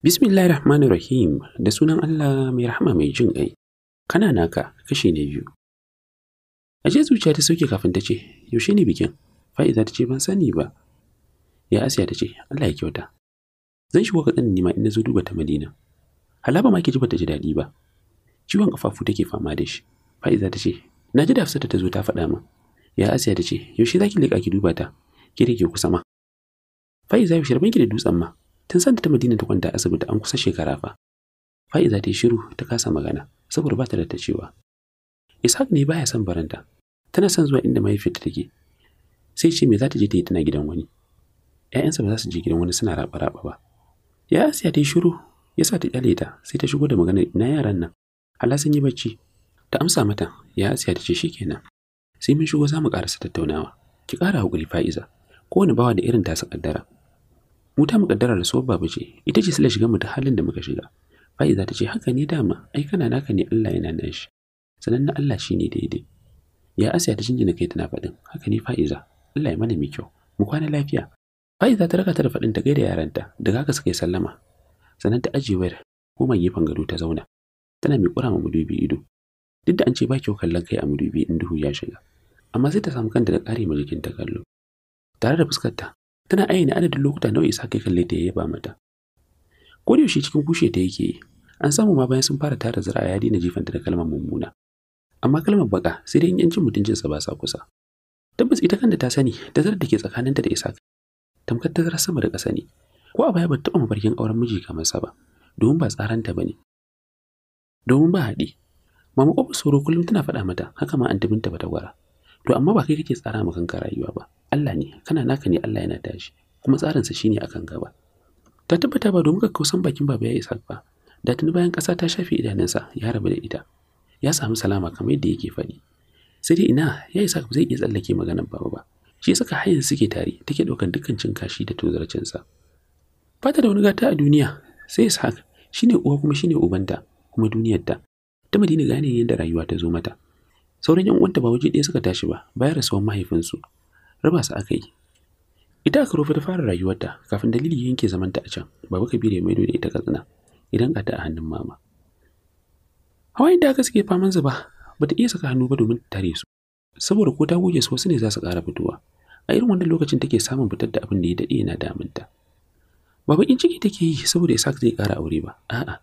Bismillahirrahmanirrahim da sunan Allah mai rahama mai jin ƙai. Kana naka kashi ne biyu. ce zuciya ta sauke kafin ta ce, "Yaushe ne bikin?" Fa'iza ta ce, "Ban sani ba." Ya Asiya ta ce, "Allah ya kyauta." Zan shigo ka tsanani ma in na zo duba ta Madina. Halaba ma ke ji ta ji daɗi ba. Ciwon ƙafafu take fama da shi. Fa'iza ta ce, "Na ji da ta zo ta faɗa min." ya asiya da ce yaushe za ki leka ki duba ta ki rike kusa ma fa'iza ya rabon ki da dutsen ma tun sanda ta madina ta kwanta asibiti an kusa shekara fa fa'iza ta yi shiru ta kasa magana saboda ba ta da ta cewa ishaq ne baya son baranta tana son zuwa inda mahaifiyarta take sai ce me za ta je ta yi tana gidan wani ‘ya'yansa ba za su je gidan wani suna raɓa-raɓa ba ya asiya ta yi shiru ya sa ta kyale ta sai ta shigo da magana ina yaran nan Allah sun yi bacci ta amsa mata ya asiya ta ce shikenan sai mun shigo zamu mu tattaunawa ki kara haƙuri fa'iza kowane bawa da irin tasa ƙaddara mu ta muƙaddara da sobba babu ce ita ce sila shiga mu ta halin da muka shiga fa'iza ta ce haka ne dama ai kana naka ne Allah yana nan shi sanan na Allah shine daidai ya asiya ta jinjina kai tana faɗin haka ne fa'iza Allah ya mana mai kyau mu kwana lafiya fa'iza ta raka ta da faɗin ta gaida yaranta da haka suka yi sallama sanan ta ajiye wayar koma gefen gado ta zauna tana mai kura ma madubi ido duk da an ce ba kyau kallon kai a madubi in duhu ya shiga amma sai ta samu kanta da ƙari ma jikinta kallo tare da fuskarta tana ayyana adadin lokuta nawa isa kai kalle ta yaba mata ko da yaushe cikin kushe ta yake yi an samu ma bayan sun fara tara zira'a ya daina jifanta da kalmar mummuna amma kalmar baka sai dai yancin mutuncinsa ba sa kusa tabbas ita kanta ta sani da zarar da ke tsakaninta da isa tamkar tazarar sama da ƙasa ne ko a baya ba taɓa mafarkin auren miji kamar sa ba domin ba tsaranta ba ne domin ba haɗi mama ƙofar soro kullum tana faɗa mata haka ma an ba bata gwara to amma ba kai kake tsara ma kanka rayuwa ba Allah ne kana naka ne Allah yana tashi kuma tsarinsa shine akan gaba ta tabbata ba domin ka san bakin baba ya isa ba da tuni bayan kasa ta shafe idanunsa ya rabu da ita ya samu salama kamar yadda yake faɗi sai dai ina ya isa ba zai iya tsallake maganar baba ba shi saka hayan suke tare take ɗaukar dukkan cin kashi da tozarcinsa fata da wani gata a duniya sai ishaq shine uwa kuma shine ubanta kuma duniyarta ta madina gane yadda rayuwa ta zo mata sauran yan uwanta ba waje ɗaya suka tashi ba bayan rasuwar mahaifinsu raba su aka yi ita aka rufe ta fara rayuwarta kafin dalili yanke zamanta a can baba kabiru ya maido da ita katsina idan ka ta a hannun mama hawa da aka suke faman zuba ba ta iya saka hannu ba domin tare su saboda ko ta goge su wasu ne za su ƙara fitowa a irin wannan lokacin take samun fitar da abin da ya daɗe yana damunta ba baƙin ciki take yi saboda Isaac zai ƙara aure ba a'a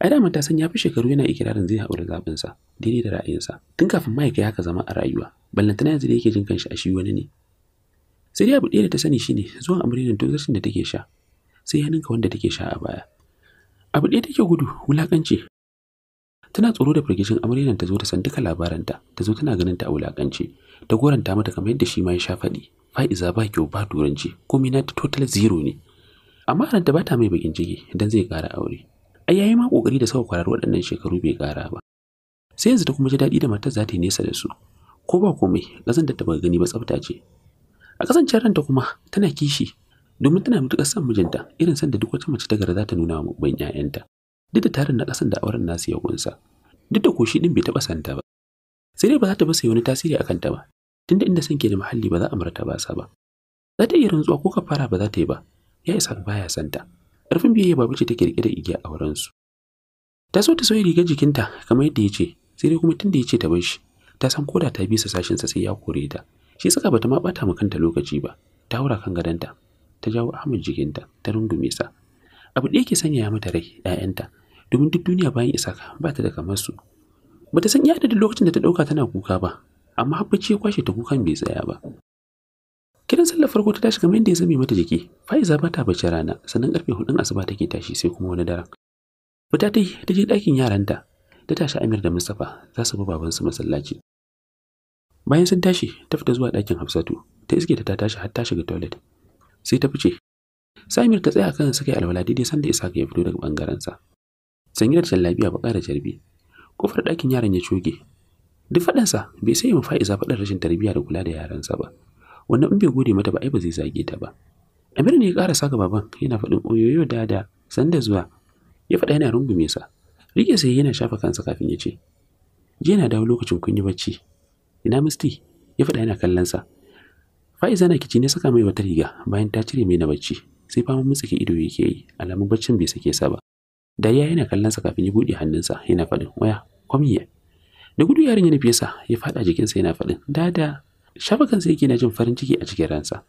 ai da matasan ya fi shekaru yana ikirarin zai haƙura zaɓinsa daidai da ra'ayinsa tun kafin mahaifiya haka zama a rayuwa ballantana yanzu da yake jin kanshi a shi wani ne sai dai abu ɗaya da ta sani shine zuwan amrinin duk da take sha sai ya ninka wanda take sha a baya abu ɗaya take gudu wulaƙanci tana tsoro da firgishin amaryanan ta zo ta san duka labaranta ta zo tana ganin ta a wulaƙanci ta goranta mata kamar yadda shi ma ya sha faɗi fa'iza ba kyau ba turanci komai na total zero ne amma ranta ba ta mai bakin ciki dan zai ƙara aure ai yayi ma kokari da suka kwararu waɗannan shekaru bai ƙara ba sai yanzu ta kuma ji daɗi da matar za ta yi nesa da su ko ba komai ƙasan da ta baka gani ba tsafta ce a ƙasancen ranta kuma tana kishi domin tana matuƙar son mijinta irin san da duk wata mace ta gara za ta nuna wa ban 'ya'yanta duk da tarin na ƙasan da auren nasu ya kunsa duk da koshi ɗin bai taɓa santa ba sai dai ba za ta basa wani tasiri a kanta ba tunda inda san ke da muhalli ba za a ba sa ba za ta iya rantsuwa ko kafara ba za ta yi ba ya isa baya santa ƙarfin biyayya ba ce take riƙe da igiya a wurinsu ta so ta soya rigar jikinta kamar yadda ya ce sai dai kuma tun da ya ce ta bar shi ta san koda ta bisa sa sai ya kore ta shi saka bata ma bata ma kanta lokaci ba ta haura kan gadonta ta jawo Ahmad jikinta ta rungume sa abu da yake sanyaya mata rai 'ya'yanta domin duk duniya bayan Isaka ba ta da kamar su bata san iya da lokacin da ta ɗauka tana kuka ba amma habbaci ya kwashe ta kukan bai tsaya ba kiran sallar farko ta tashi kamar yadda ya zame mata jiki fa'iza ba ta bacci rana sannan karfe hudun asuba take tashi sai kuma wani daren fita ta yi ta je ɗakin yaranta ta tashi amir da mustapha za su bi babansu masallaci bayan sun tashi ta fita zuwa ɗakin hafsatu ta iske ta tashi har ta shiga toilet sai ta fice samir ta tsaya kan suka yi alwala daidai sanda isa ya fito daga bangarensa sanye da lafiya baka da jarbi kofar ɗakin yaran ya coge duk faɗansa bai sai mu fa'iza faɗin rashin tarbiyya da kula da yaransa ba wannan in bai gode mata ba ai ba zai zage ta ba Amir ne ya ƙara saka baban yana faɗin oyoyo dada sanda zuwa ya faɗa yana rungume sa rike sai yana shafa kansa kafin ya ce jiya na dawo lokacin kun yi bacci ina misti ya faɗa yana kallon sa Fa'iza na kici ne saka mai wata riga bayan ta cire mai na bacci sai fama mutsike ido yake yi alamun baccin bai sake sa ba Dariya yana kallon sa kafin ya buɗe hannunsa yana faɗin waya komiye da gudu yarin ya nufi sa ya faɗa jikinsa yana faɗin dada shafakan sai yake na jin farin ciki a cikin ransa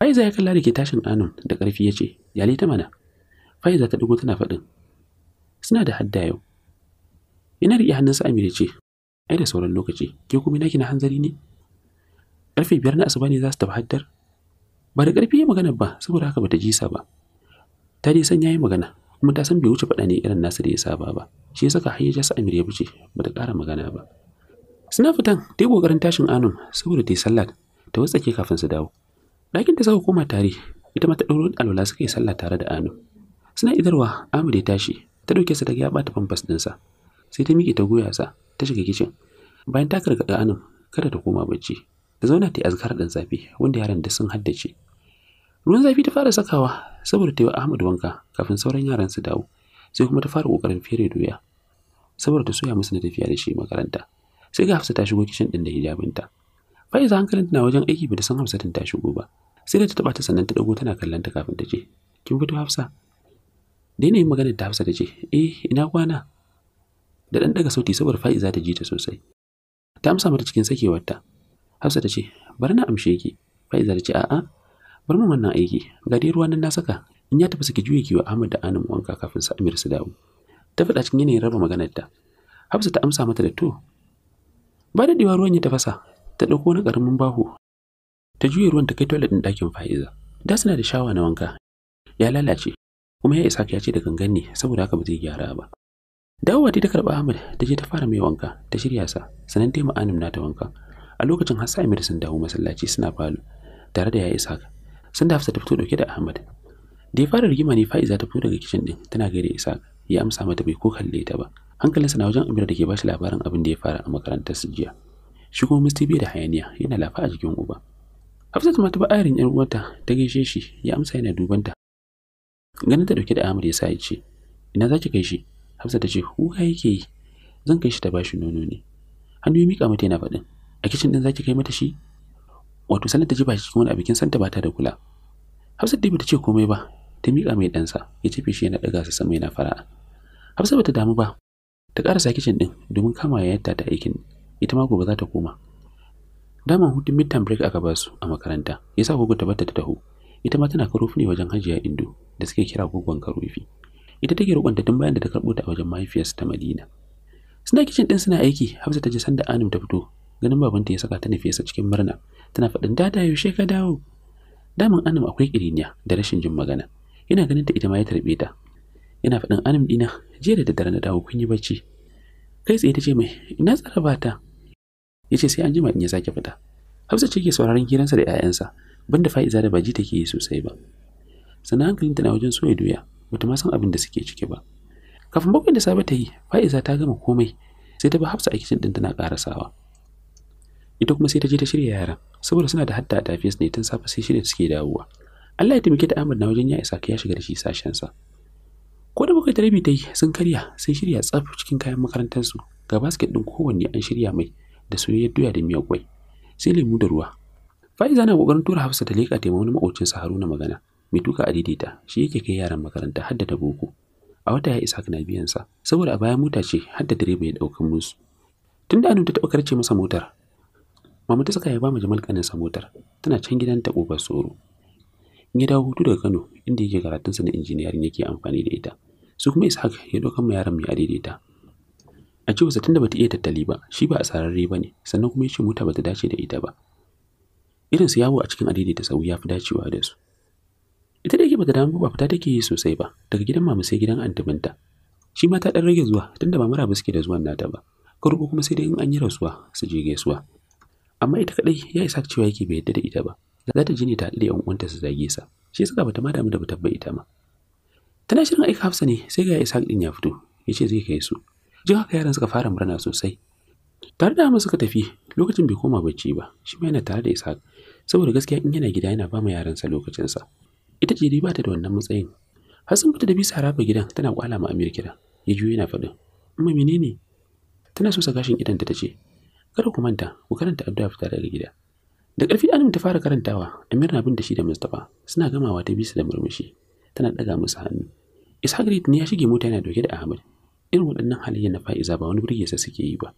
Faiza ya kalla da ke tashin anun da ƙarfi ya ce yali ta mana Faiza ta dugo tana faɗin suna da hadda yau yana riƙe hannunsa Amir ya ce ai da sauran lokaci ke kuma naki na hanzari ne ƙarfe biyar na asuba ne za su tafi haddar ba da ƙarfi ya magana ba saboda haka bata ji sa ba ta dai san ya yi magana kuma ta san bai wuce faɗa ne irin nasu da ya saba ba shi ya saka har ya jasa Amir ya ba ta ƙara magana ba suna fitan ta yi ƙoƙarin tashin anun saboda ta yi sallah ta wasake kafin su dawo ɗakin ta suka koma tare ita ma ta ɗauro alwala suka yi sallah tare da anun suna idarwa Amadu ya tashi ta ɗauke sa daga ya ɓata famfas ɗinsa sai ta miƙe ta goya sa ta shiga kicin bayan ta karkaɗa anun kada ta koma bacci ta zauna ta yi azkar ɗan zafi wanda yaran da sun haddace ruwan zafi ta fara sakawa saboda ta yi wa ahmad wanka kafin sauran yaran su dawo sai kuma ta fara ƙoƙarin fere doya saboda ta soya musu na tafiya da shi makaranta sai ga Hafsa ta shigo kishin din da hijabinta Faiza hankalin na wajen aiki bata san Hafsatin ta shigo ba sai da ta taba ta sannan ta dago tana kallon ta kafin ta ce kin fito Hafsa da yanayin magana ta Hafsa ta ce eh ina kwana da dan daga sauti saboda Faiza ta ji ta sosai ta amsa mata cikin sakewarta Hafsa ta ce bari na amshe ki Faiza ta ce a'a bar mu wannan aiki ga dai ruwan nan na saka in ya tafi saki juye kiwa Ahmad da Anam wanka kafin su Amir su dawo ta faɗa cikin yanayin raba maganar ta Hafsa ta amsa mata da to ba daɗewa ruwan ya tafasa ta ɗauko na ƙaramin baho ta juya ruwan ta kai toilet ɗin ɗakin fa'iza da suna da shawa na wanka ya lalace kuma ya isa ya ce da gangan ne saboda haka ba zai gyara ba dawowa ta karɓa Ahmad ta je ta fara mai wanka ta shirya sa sanan ta na ta wanka a lokacin har Amir sun dawo masallaci suna falo tare da ya isa sun da Hafsa ta fito dauke da Ahmad da ya fara rigima ne Fa'iza ta fito daga kicin ɗin, tana gaida Isa ya amsa mata bai ko kalle ta ba hankalinsa na wajen amira da ke bashi labarin abin da ya fara a makarantar su jiya shi kuma musti bai da hayaniya yana lafa a jikin uba hafsat ma taɓa ayarin yar uwarta ta gaishe shi ya amsa yana duban ta ganin ta dauke da amir ya sa ya ce ina zaki kai shi hafsat ta ce Kuka yake yi zan kai shi ta bashi nono ne hannu ya mika mata yana faɗin a kicin za ki kai mata shi wato sanar ta jiba shi cikin wani abikin santa ba ta da kula Hafsat dai bata ce komai ba ta miƙa mai ɗansa ya tafi shi yana ɗaga sa sama yana fara'a Hafsat bata damu ba ta karasa kicin ɗin domin kama yadda ta aikin ita ma gobe za ta koma daman hutun midterm break aka ba su a makaranta yasa gogo ta bata ta taho ita ma tana karofi ne wajen hajiya indo da suke kira gogon karofi ita take roƙonta tun bayan da ta karɓo ta a wajen mahaifiyarsa ta madina suna kicin ɗin suna aiki hafsa ta ji sanda anim ta fito ganin babanta ya saka ta nufesa cikin murna tana faɗin dada yaushe ka dawo daman anim akwai ƙiriniya da rashin jin magana yana ganin ta ita ma ya tarbe ta yana faɗin anin dina, jiya da daddare na dawo kun yi bacci kai tsaye ta ce mai ina tsara ba ta ya ce sai an jima in ya sake fita hafsa ce ke sauraron giransa da 'ya'yansa banda fa'iza da baji take yi sosai ba sannan hankalinta na wajen soya doya bata ma san abin da suke ciki ba kafin bakwai da safe ta yi fa'iza ta gama komai sai ta bi hafsa a kicin ɗin tana karasawa. ita kuma sai ta je ta shirya yaran saboda suna da hadda a tafiyarsu ne tun safe sai shirya suke dawowa Allah ya taimake ta Ahmad na wajen ya isa ka ya shiga da shi sashensa. ko da bakwai tarebi ta yi sun karya sun shirya tsaf cikin kayan makarantarsu ga basket ɗin kowanne an shirya mai da soyayyar doya da miyar kwai sai lemu da ruwa fa'iza na kokarin tura hafsa ta leƙa taimakon wani sa haruna magana mai tuka a daidaita shi yake kai yaran makaranta hadda ta boko a wata ya isa kana biyan sa saboda a bayan mota ce hadda direba ya ɗaukan musu tun da ta taɓa karce masa motar mama ta saka ya ba ma jamal kanin sa motar tana can gidan ta ƙofar tsoro In ya dawo hutu daga Kano inda yake sa na injiniyarin yake amfani da ita. Su kuma Ishaq ya ɗaukar ma yaron mai adaidaita. A cewarsa tunda bata iya tattali ba, shi ba a ba ne, sannan kuma ya ce mota bata dace da ita ba. Irin su yawo a cikin ta sahu ya fi dacewa da su. Ita da yake bata damu ba fita take yi sosai ba, daga gidan mama sai gidan antibinta Shi ma ta ɗan rage zuwa tunda ba mara suke da zuwan nata ba. karko kuma sai dai in an yi rasuwa su je gaisuwa. Amma ita kadai ya isa cewa yake bai yadda da ita ba. za ta je ne ta haɗu da ‘yan uwanta su zage sa shi yasa bata ma damu da bata ba ita ma tana shirin aika hafsa ne sai ga ishaq din ya fito yace zai kai su jin haka yaran suka fara murna sosai tare da suka tafi lokacin bai koma bacci ba shi ma yana tare da ishaq saboda gaskiya in yana gida yana ba sa lokacin sa ita ce dai ba ta da wannan matsayin har sun fita da bisa harafa gidan tana kwala ma amir kira ya juyo yana faɗin amma menene tana so sa gashin idan ta ce kada ku manta ku karanta addu'a fita daga gida da ƙarfi alim ta fara karantawa amir na bin da shi da mustapha suna gamawa ta bisa da murmushi tana ɗaga musu hannu ishaq ne ya shige mota yana dauke da ahmad irin waɗannan halayya na fa'iza ba wani burgesa suke yi ba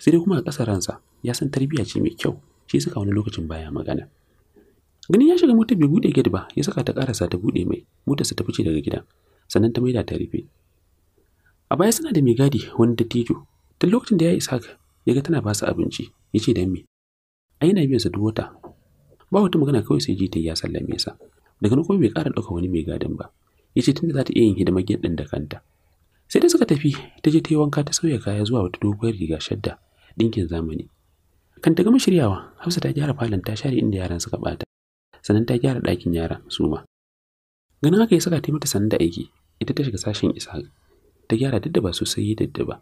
sai dai kuma a ƙasar ransa ya san tarbiyya ce mai kyau shi suka wani lokacin baya magana ganin ya shiga motar bai buɗe ged ba ya saka ta ƙarasa ta buɗe mai motarsa ta fice daga gidan sannan ta maida ta rufe a baya suna da mai gadi wani dattijo tun lokacin da ya isa ya ga tana ba su abinci ya ce dan me A yana biyan duk wata ba wata magana kawai sai ji ta ya sallame sa daga nan kuma bai ƙara ɗauka wani mai gadin ba ya ce tunda za ta iya yin hidimar gidan ɗin da kanta sai da suka tafi ta je ta yi wanka ta sauya kaya zuwa wata doguwar riga shadda ɗinkin zamani kan ta gama shiryawa hafsa ta gyara falon ta share inda yaran suka bata sannan ta gyara ɗakin yara su ma ganin haka ya saka ta mata sannan da aiki ita ta shiga sashen isa ta gyara daddaba sosai daddaba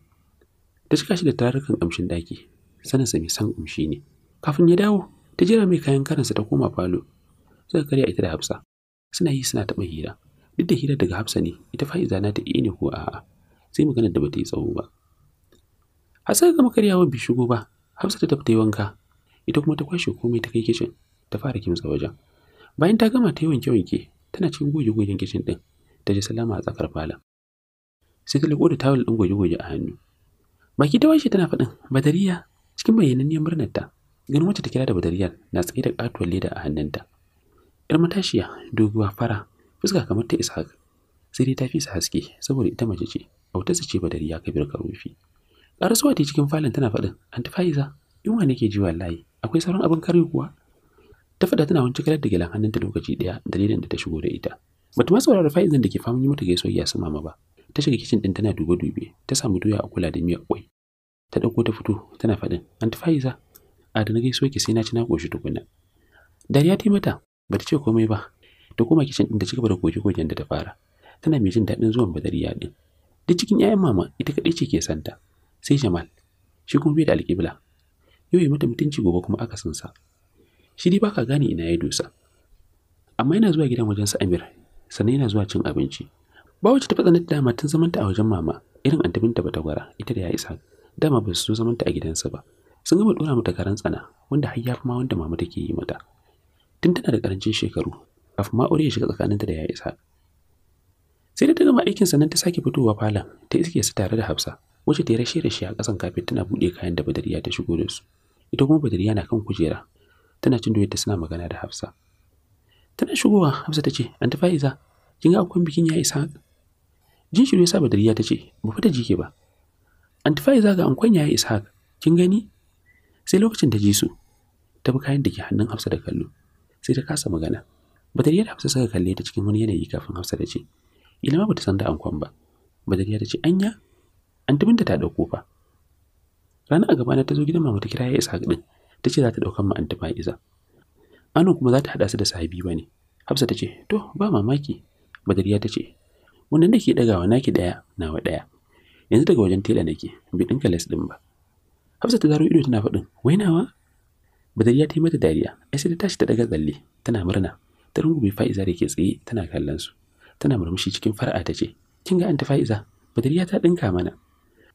ta cika shi da tarukan ƙamshin ɗaki sanin sami mai san ƙamshi ne kafin ya dawo ta jira mai kayan karansa ta koma falo suka karya ita da hafsa suna yi suna taɓa hira duk da hira daga hafsa ne ita fa'iza na ta iya ne ko a'a sai maganar da bata yi tsawo ba har sai gama karyawa bai shigo ba hafsa ta tafi ta yi wanka ita kuma ta kwashe komai ta kai kicin ta fara kimsa wajen bayan ta gama ta yi wanke wanke tana cikin goge gogen kicin din ta ji salama a tsakar fala sai ta da tawul din goge goge a hannu baki ta washe tana faɗin badariya cikin bayyananniyar ta ganin wacce ta kira da badariyar na tsaye da katuwar leda a hannunta yar matashiya doguwa fara fuska kamar ta ishaq sai dai ta fi haske saboda ita mace ce su ce badariya kabir karufi karasuwa ta cikin falon tana faɗin anti fa'iza yunwa ke ji wallahi akwai sauran abin kare kuwa ta faɗa tana wancan kalar da gilan hannunta lokaci ɗaya dalilin da ta shigo da ita bata ma saurara fa'izan da ke faman yi mata gaisuwa ya mama ba ta shiga kicin ɗin tana dube dube ta samu doya a kula da miyar kwai ta ɗauko ta fito tana faɗin anti fa'iza a da na gaiso ki sai na ci na koshi tukuna dariya ta mata bata ce komai ba ta koma kicin din da cigaba da goge gogen da ta fara tana mai jin daɗin zuwan badariya din duk cikin 'ya'yan mama ita kaɗai ce ke santa sai jamal shi kuma bai da alƙibla yau ya mata mutunci gobe kuma aka san sa shi dai baka gane ina ya dosa amma yana zuwa gidan wajen sa Amir sannan yana zuwa cin abinci ba wacce ta fatsa na dama tun zaman a wajen mama irin antabinta ta gwara ita da ya isa dama ba su zo zamanta ta a gidansa ba sun gama dora mata karan tsana wanda har yafi ma wanda mama take yi mata tun tana da karancin shekaru kafin ma aure ya shiga tsakaninta da ya isa sai da ta gama aikin sannan ta sake fitowa falon ta iske su tare da hafsa wacce ta yi rashe rashe a kasan kafin tana buɗe kayan da badariya ta shigo da su ita kuma badariya na kan kujera tana cin doyar suna magana da hafsa tana shigowa hafsa ta ce an kin ga akwai bikin ya isa jin shiru ya sa badariya ta ce ba fita jike ba an tafi iza ga ankon ya isa kin gani sai lokacin ta ji su ta bi kayan da ke hannun hafsa da kallo sai ta kasa magana ta da hafsa suka kalle ta cikin wani yanayi kafin hafsa da ce Ilima bata san da ankon ba ba ta ce anya an da ta dauko fa rana a na ta zo gidan mama ta kira ya isa din ta ce za ta ɗaukan ma antuma iza anon kuma za ta hada su da sahibi ne hafsa ta ce to ba mamaki badariya ta ce wannan da ke dagawa naki daya nawa ɗaya. yanzu daga wajen tela nake Bi ɗin les ɗin ba Hafsat ta zaro ido tana faɗin, Wai "Wainawa?" Badariya ta yi mata dariya, ai sai ta tashi ta daga tsalle, tana murna. Ta rungume Fa'iza da ke tsaye tana kallon su. Tana murmushi cikin fara'a ta ce, "Kin ga anta Fa'iza? Badariya ta dinka mana."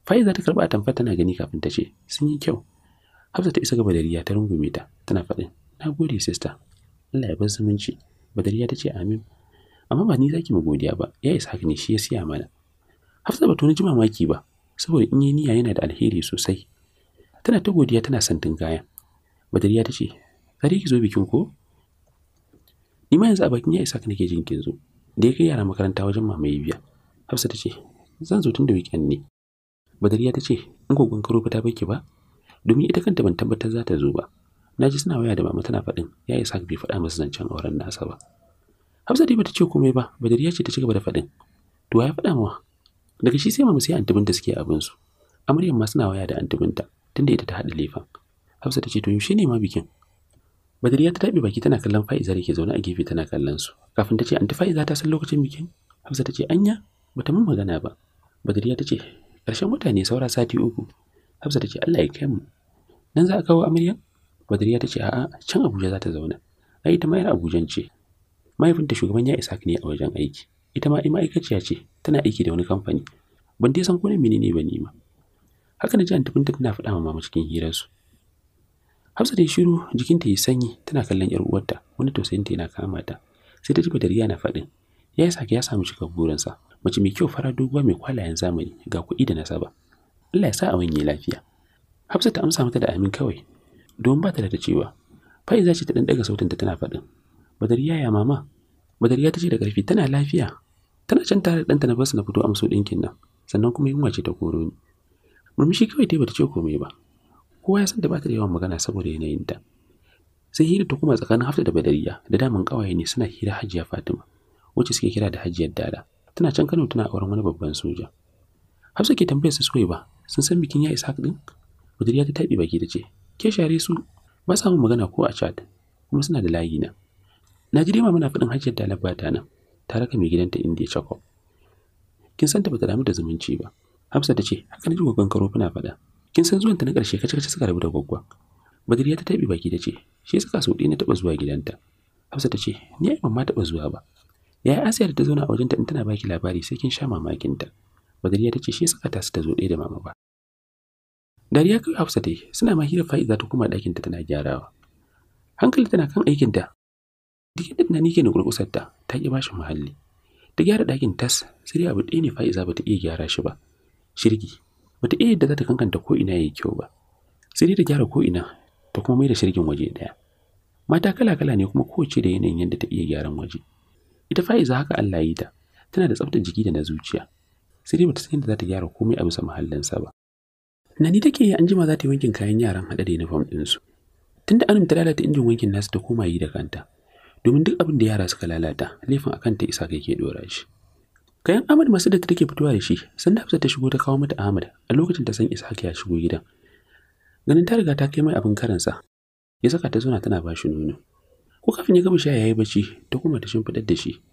Fa'iza ta karba atamfa tana gani kafin ta ce, "Sun yi kyau." Hafsat ta isa ga Badariya ta rungume ta, tana faɗin, "Na gode sister." Allah ya bar zumunci." Badariya ta ce, "Amin." Amma ba ni zaki mu godiya ba, ya isa haka ne shi ya siya mana. Hafsat ba ta wani ji mamaki ba, saboda in yi niyya yana da alheri sosai tana ta godiya tana santin kayan badariya ta ce kare ki zo bikin ko ni ma yanzu a bakin ya isa ka nake jin kin zo da ya kai yara makaranta wajen mamaye biya hafsa ta ce zan zo tun da wikin ne badariya ta ce in gogon karo ta baki ba domin ita kanta ban tabbatar za ta zo ba na ji suna waya da mama tana faɗin ya isa bai faɗa masa zancen auren nasa ba hafsa dai bata ce komai ba badariya ce ta ci gaba da faɗin to ya faɗa mawa daga shi sai mama sai antibinta suke abinsu. su amaryan ma suna waya da antibinta tunda ita ta haɗa lefan. hafsa ta ce to yaushe ne ma bikin badariya ta taɓe baki tana kallon fa'iza da ke zaune a gefe tana kallon su kafin ta ce anti fa'iza ta san lokacin bikin hafsa ta ce anya bata mun magana ba badariya ta ce ƙarshen mutane saura sati uku hafsa ta ce allah ya kai mu nan za a kawo amarya badariya ta ce a'a can abuja za ta zauna ai ita ma yar abujan ce mahaifinta shugaban ya isa ne a wajen aiki ita ma ai ma'aikaciya ce tana aiki da wani kamfani ban dai san ko menene ba ni ma haka da ji Binta tana faɗa ma mama cikin hirarsu hafsa ta yi shiru jikinta yi sanyi tana kallon yar uwarta wani tausayinta yana kama ta sai ta ji riya na faɗin ya yi sake ya samu shiga burinsa mace mai kyau fara doguwa mai kwalayen zamani ga kuɗi da nasaba Allah ya sa a wani lafiya hafsa ta amsa mata da amin kawai don ba ta da ta cewa fa'iza ce ta dan daga sautin ta tana faɗin Badar ya mama badariya ta ce da ƙarfi tana lafiya tana can tare da ɗanta na basu na fito amso ɗinkin nan sannan kuma yunwa ce ta koro ni murmushi kawai ta yi bata ce komai ba kowa ya san da bata da yawan magana saboda yanayin ta. sai hira ta kuma tsakanin hafta da badariya da daman kawaye ne suna hira hajiya fatima wacce suke kira da hajiyar dada tana can kano tana auren wani babban soja hafsa ke tambayar su soyi ba sun san bikin ya isa din badariya ta taɓi baki da ce ke share su ba sa magana ko a chat kuma suna da layi na na ji dai muna faɗin hajiyar dada ba ta nan ta raka mai gidanta indiya chakop kin san ta bata damu da zumunci ba Hafsa ta ce, haka na ji karo kuna faɗa. Kin san zuwanta na ƙarshe kace kace suka rabu da gwaggon. ya ta taɓi baki ta ce, shi suka so ɗi na taɓa zuwa gidanta. Hafsa ta ce, ni ai mamma taɓa zuwa ba. Yaya Asiya da ta zauna a wajenta in tana baki labari sai kin sha mamakinta. ya ta ce shi suka tasu ta zo ɗaya da mama ba. Dariya kai Hafsa ta yi, suna ma hira fa'iza ta koma ɗakinta tana gyarawa. Hankali tana kan aikin ta Duk inda tunani ke na gurgusarta, ta ƙi bashin muhalli. Ta gyara ɗakin tas, sai dai abu ɗaya ne fa'iza ba ta iya gyara shi ba. shirgi bata iya yadda za ta kankanta ko ina yi kyau ba sai dai ta gyara ko ina ta kuma mai da shirgin waje daya mata kala kala ne kuma kowace da yanayin yadda ta iya gyaran waje ita fa'iza haka Allah yi ta tana da tsaftar jiki da na zuciya sai dai bata san yadda za ta gyara komai a bisa mahallinsa ba Na ni take yi anjima za ta yi wankin kayan yaran haɗa da uniform ɗinsu. Tunda Anum ta lalata injin wankin nasu ta koma yi da kanta. Domin duk abin da yara suka lalata, laifin a kanta isa kai ke ɗora shi. kayan Ahmad masu da take fitowa da shi sanda Hafsat ta shigo ta kawo mata Ahmad a lokacin ta san Ishaq ya shigo gidan ganin ta riga ta kai mai abin karansa ya saka ta zuna tana ba shi nono ko kafin ya gama sha yayi bacci ta kuma ta shimfidar da shi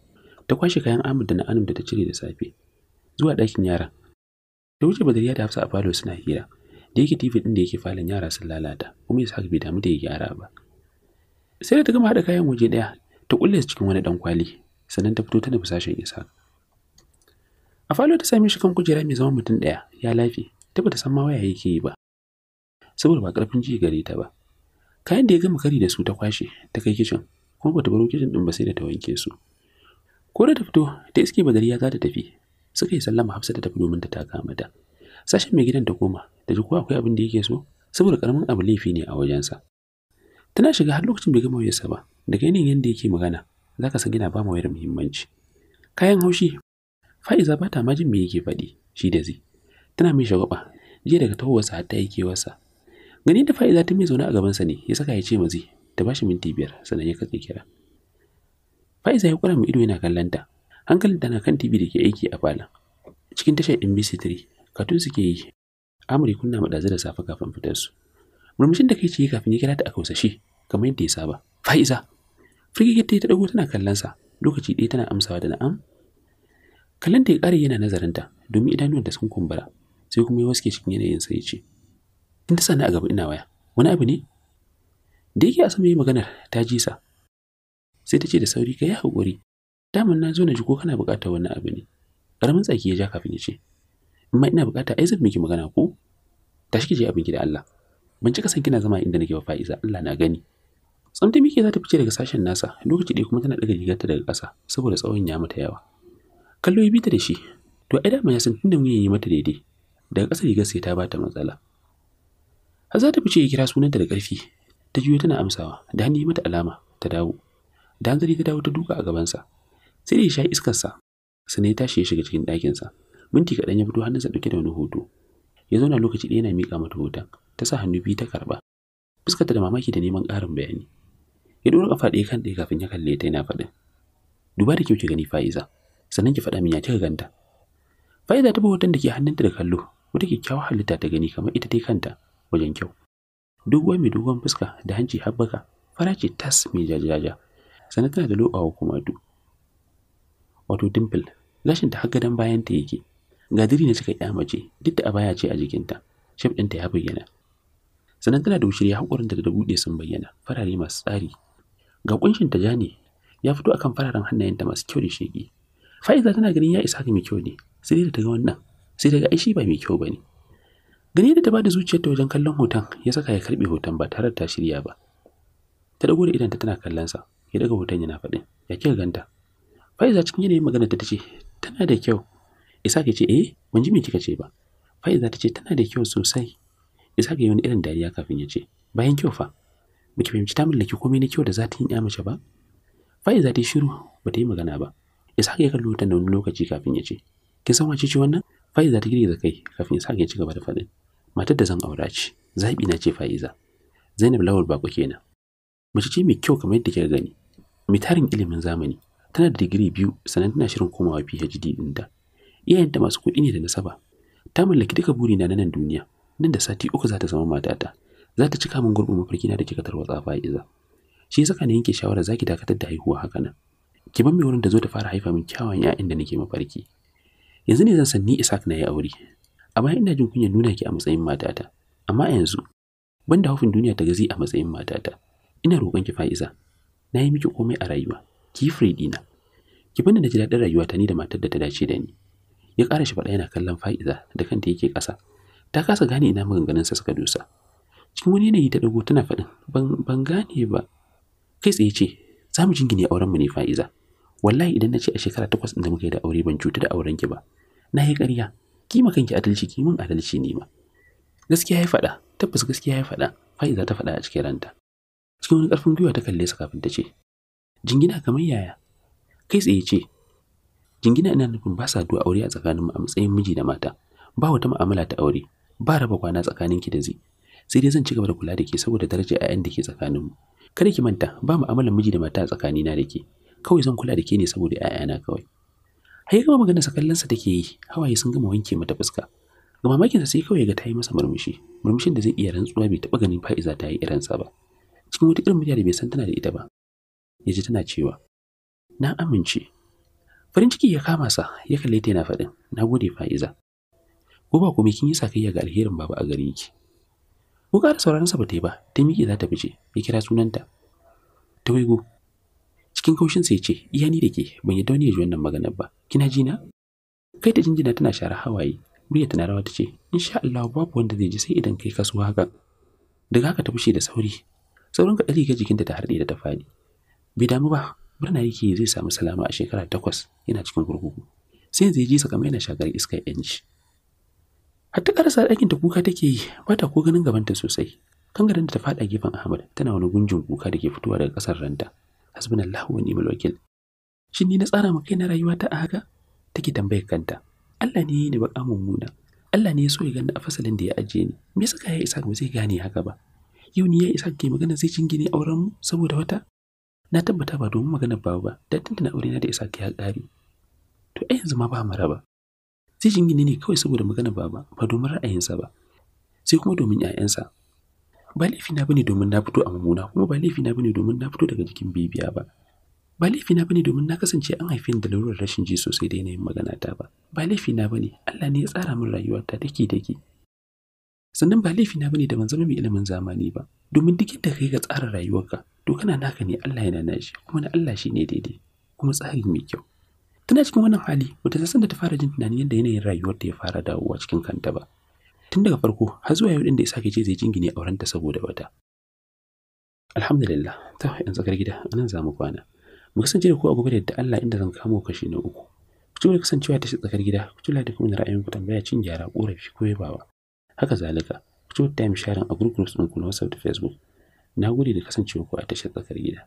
ta kwashe kayan Ahmad da na'anum da ta cire da safe zuwa ɗakin yaran da wuce badariya da Hafsa a falo suna hira da yake TV din da yake falon yara sun lalata kuma Ishaq bai damu da ya gyara ba sai da ta gama haɗa kayan waje ɗaya ta kulle su cikin wani ɗan kwali sannan ta fito ta nufi sashen Ishaq a falo ta same shi kan kujera mai zama mutum ɗaya ya lafi ta bata san ma waya yake yi ba saboda ba ƙarfin ji gare ta ba kayan da ya gama kari da su ta kwashe ta kai kicin kuma bata baro kicin ɗin ba sai da ta wanke su ko da ta fito ta iske ya za ta tafi suka yi sallama hafsa ta tafi domin ta taka mata sashen mai gidan ta koma da ji ko akwai abin da yake so saboda karamin abu laifi ne a wajensa tana shiga har lokacin bai gama wayarsa ba daga yanayin yadda yake magana za ka san yana ba mu wayar muhimmanci kayan haushi Fa'iza ba ta majin me yake faɗi shi da zai. Tana mai shagwaba jiya daga tahowarsa har ta yi kewarsa. Gani da Fa'iza ta mai zaune a gabansa ne ya saka ya ce mazi ta ba shi minti biyar sannan ya katse kira. Fa'iza ya kura mu ido yana kallon ta. Hankalin tana kan TV da ke aiki a falon. Cikin tashar NBC3 katun suke yi. Amuri kunna madazu da safe kafin fitar su. Murmushin da kai ce kafin ya kira ta a kausashe kamar yadda ya saba. Fa'iza Firgige ta yi ta ɗago tana kallon sa, lokaci ɗaya tana amsawa da na'am kallon da ya ƙara yana nazarinta domin idanuwan da sun kumbura sai kuma ya waske cikin yanayin sa ya ce in ta sani a gaba ina waya wani abu ne da yake a sama yi maganar ta ji sa sai ta ce da sauri ka yi haƙuri daman na zo na ji ko kana buƙatar wani abu ne ƙaramin tsaki ya ja kafin ya ce amma ina buƙata ai zan miki magana ko tashi ki je abin ki Allah ban cika san kina zama inda nake ba fa'iza Allah na gani tsamta miki za ta fice daga sashen nasa lokaci ɗaya kuma tana ɗaga rigarta daga ƙasa saboda tsawon ya mata yawa kallo ya bi ta da shi to ai dama ya san tunda mun yi mata daidai daga ƙasa rigar sai ta bata matsala har za ta fice ya kira sunanta da ƙarfi ta juyo tana amsawa da hannu mata alama ta dawo da hanzari ta dawo ta duka a gabansa sai da ya sha iskarsa sannan ya tashi ya shiga cikin sa minti kaɗan ya fito hannunsa ɗauke da wani hoto ya zauna lokaci ɗaya yana miƙa mata hoton ta sa hannu biyu ta karɓa fuskarta da mamaki da neman ƙarin bayani ya ɗora ƙafa ɗaya kan ɗaya kafin ya kalle ta yana faɗin duba da kyau ki gani fa'iza sannan ki faɗa min ya kika ganta fa'ida ta hoton da ke hannunta da kallo wata kyakkyawar halitta ta gani kamar ita dai kanta wajen kyau doguwa mai dogon fuska da hanci habbaka fara ce tas mai jajaja sannan tana da lobawa kuma du wato dimple gashin ta haggadan bayan ta yake gadiri na suka iya mace duk da abaya ce a jikinta shaf ɗinta ya bayyana sannan tana da wushirya haƙorinta da buɗe sun bayyana farare masu tsari ga ƙunshinta, ta ja ne ya fito akan fararen hannayenta masu kyau da sheƙi fa'iza tana ganin ya isa ga mai kyau ne sai dai da ta ga wannan sai ta ga shi ba mai kyau ba ne gani da ta ba bada zuciyarta wajen kallon hoton ya saka ya karbe hoton ba tare da ta shirya ba ta dago da idanta tana kallon sa ya daga hoton yana faɗin ya kika ganta fa'iza cikin yanayin magana ta ce tana da kyau isa ke ce eh ban ji me kika ce ba fa'iza ta ce tana da kyau sosai isa ga wani irin dariya kafin ya ce bayan kyau fa baki fahimci ta mallaki komai na kyau da za ta yi ya mace ba fa'iza ta shiru ba ta yi magana ba Ishaq ya kallo ta wani lokaci kafin ya ce, Kin san wace ce wannan? Fa'iza ta girgiza kai kafin ya ya ci gaba da faɗin. Matar da zan aura ce, zaɓi na ce Fa'iza. Zainab Lawal Bako kenan. Mace ce mai kyau kamar yadda kika gani. Mai tarin ilimin zamani, tana da digiri biyu sannan tana shirin komawa PhD ɗinta. Iyayenta masu kuɗi ne da nasaba. Ta mallaki duka buri na nan duniya. Nan da sati uku za ta zama matata. Za ta cika min gurbin na da kika tarwatsa Fa'iza. Shi saka ne yanke shawara zaki dakatar da haihuwa haka nan. ki ban mai wurin da zo ta fara haifa min kyawun 'ya'yan da nake mafarki yanzu ne zan san ni Isaac na yi aure a baya ina jin kunya nuna ki a matsayin matata amma yanzu banda hufin duniya ta gazi a matsayin matata ina roƙon ki Fa'iza na yi miki komai a rayuwa ki free dina ki bani da ji daɗin rayuwa ta ni da matar da ta dace da ni ya ƙara shi faɗa yana kallon Fa'iza da kanta yake ƙasa ta kasa gane ina maganganunsa suka dosa cikin wani yanayi ta dago tana faɗin ban gane ba kai tsaye ce za mu jingine mu ne fa'iza wallahi idan na ce a shekara takwas ɗin da muka yi da aure ban cuta da auren ki ba na yi ƙarya ki ma kanki adalci ki min adalci ne ma gaskiya ya faɗa tabbas gaskiya ya faɗa fa'iza ta faɗa a cikin ranta cikin wani ƙarfin gwiwa ta kalle sa kafin ta ce jingina kamar yaya kai tsaye ce jingina ina nufin ba sa duwa aure a tsakaninmu a matsayin miji da mata ba wata ma'amala ta aure ba raba kwana tsakaninki da zai sai dai zan ci gaba da kula da ke saboda darajar 'ya'yan da ke mu kada ki manta ba ma'amalan miji da mata a na da ke kawai zan kula da ke ne saboda 'ya'yana kawai har yi gama maganar sa kallon sa take yi hawaye sun gama wanke mata fuska ga mamakin sa sai kawai ga ta yi masa murmushi murmushin da zai iya rantsuwa bai taɓa ganin fa'iza ta yi irin sa ba cikin wata irin murya da bai san tana da ita ba ya ji tana cewa na amince farin ciki ya kama sa ya kalle ta yana faɗin na gode fa'iza ko ba kin yi sakayya ga alherin baba a gare ki ko ƙara sa ba ta yi ba ta miƙe za ta fice ya kira sunanta ta waigo cikin kaushin sa ya ce iya ni da ke ban yi wani ya ji wannan maganar ba kina ji na kai ta jinjina tana share hawaye murya tana rawa ta ce insha Allah babu wanda zai ji sai idan kai kasuwa haka daga haka ta fushe da sauri saurin ka ɗari ga jikinta ta harɗe da ta faɗi bai damu ba murna yake zai samu salama a shekara takwas yana cikin kurkuku sai zai ya ji sa kamar yana shagar iskar yanci a ta karasa ɗakin ta kuka take yi ba ta ko ganin gabanta sosai kangaren da ta faɗa gefen Ahmad tana wani gunjin kuka da ke fitowa daga kasar ranta hasbunallahu wa ni'mal wakil shin ni na tsara ma kaina rayuwa ta a haka take tambayar kanta Allah ne ya yi baka muna. Allah ne ya so ya gani a fasalin da ya ajiye ni me yasa ya isa ba zai gane haka ba yau ni ya isa ke magana zai cingine auren mu saboda wata na tabbata ba domin magana babu ba da na aure na da isa ya kare. to a yanzu ma ba mu raba zai jingine ne kawai saboda magana baba ba domin ra'ayinsa ba sai kuma domin 'ya'yansa ba laifi na bane domin na fito a mamuna kuma ba laifi na bane domin na fito daga jikin bibiya ba ba laifi na bane domin na kasance an haife ni da lalurar rashin ji sosai da yanayin magana ta ba ba laifi na bane Allah ne ya tsara min rayuwata daki daki sannan ba laifi na bane da ban zama mai ilimin zamani ba domin duk yadda kai ka tsara rayuwarka to kana naka ne Allah yana nashi kuma na Allah shi shine daidai kuma tsari mai kyau tana cikin wannan hali bata san da ta fara jin tunanin yadda yanayin rayuwar ta ya fara dawowa cikin kanta ba tun daga farko har zuwa yau din da sake ce zai jingine ta saboda wata alhamdulillah ta yan tsakar gida anan za mu kwana mu kasance da ku a gobe da yadda Allah inda zan kamo kashi na uku ku ci kasancewa ta tsakar gida ku ci da kuma ra'ayin ku tambaya cin gyara korafi ko yabawa haka zalika ku ci time sharing a group groups ku na WhatsApp da Facebook na gode da kasancewa ku a tashar tsakar gida